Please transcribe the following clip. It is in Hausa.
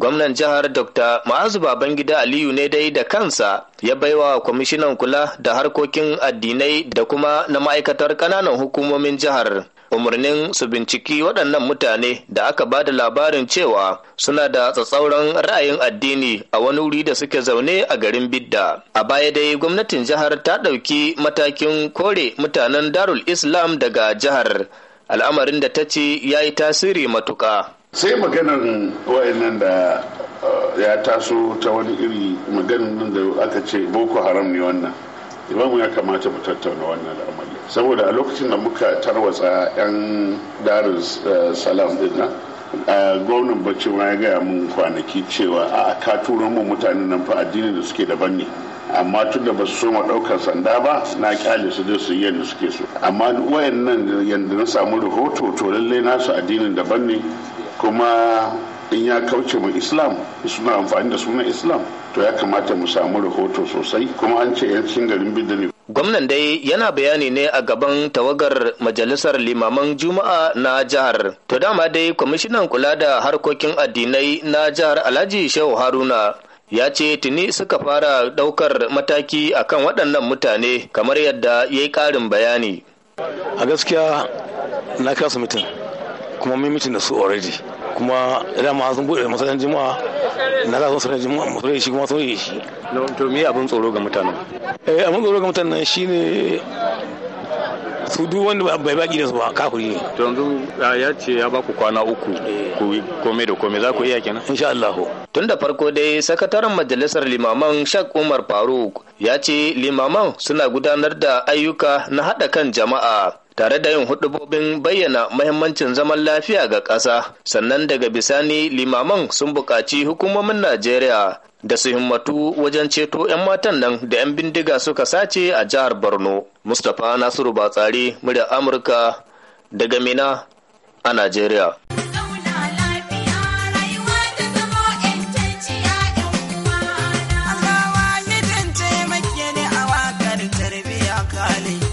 Gwamnan jihar Dr. Ma'azu Babangida Aliyu ne dai da kansa ya baiwa kwamishinan kula da harkokin addinai da kuma na ma'aikatar ƙananan hukumomin jihar. umarnin su binciki waɗannan mutane da aka ba da labarin cewa suna da tsatsauran ra'ayin addini a wani wuri da suke zaune a garin bidda a baya dai gwamnatin jihar ta ɗauki matakin kore mutanen darul islam daga jihar al'amarin da ta ce ya yi tasiri matuƙa sai maganar wayannan da uh, ya taso ta wani iri maganin nan da aka ce boko haram ne wannan imamu ya kamata mu tattauna wannan al'amari saboda a lokacin da muka tarwatsa 'yan darin uh, salam din nan uh, gwamnan bacci ma ya gaya mun kwanaki cewa a ka turo mu mutanen nan fa addini da suke daban ne amma tun da ba su soma ɗaukar sanda ba na kyale su da su yadda suke so amma wayannan yadda na samu rahoto to lallai nasu addinin daban ne kuma in ya kauce mu islam suna amfani da sunan islam to ya kamata mu samu rahoto sosai kuma an ce yancin garin bidani gwamnan dai yana bayani ne a gaban tawagar majalisar limaman juma'a na jihar to dama dai kwamishinan kula da harkokin addinai na jihar alhaji shehu haruna ya ce tuni suka fara daukar mataki akan waɗannan mutane kamar yadda ya yi ƙarin bayani a gaskiya na kasa mutum kuma mun mitin da su already kuma idan ma sun bude masallacin juma'a na za su sanar juma'a mu shi kuma sun yi shi to me abin tsoro ga mutanen eh abin tsoro ga mutanen shine su duk wanda bai baki da su ba kafuri ne to yanzu ya ce ya baku kwana uku eh. ku kome da kome za ku iya kenan insha Allah tun da farko dai sakataren majalisar limaman Shak Umar Faruk ya ce limaman suna gudanar da ayyuka na hada kan jama'a tare da yin hudubobin bayyana mahimmancin zaman lafiya ga ƙasa sannan daga bisani limaman sun buƙaci hukumomin najeriya da su himmatu wajen ceto 'yan matan nan da 'yan bindiga suka sace a jihar borno mustapha nasiru batsari murya amurka daga mina a najeriya Thank you.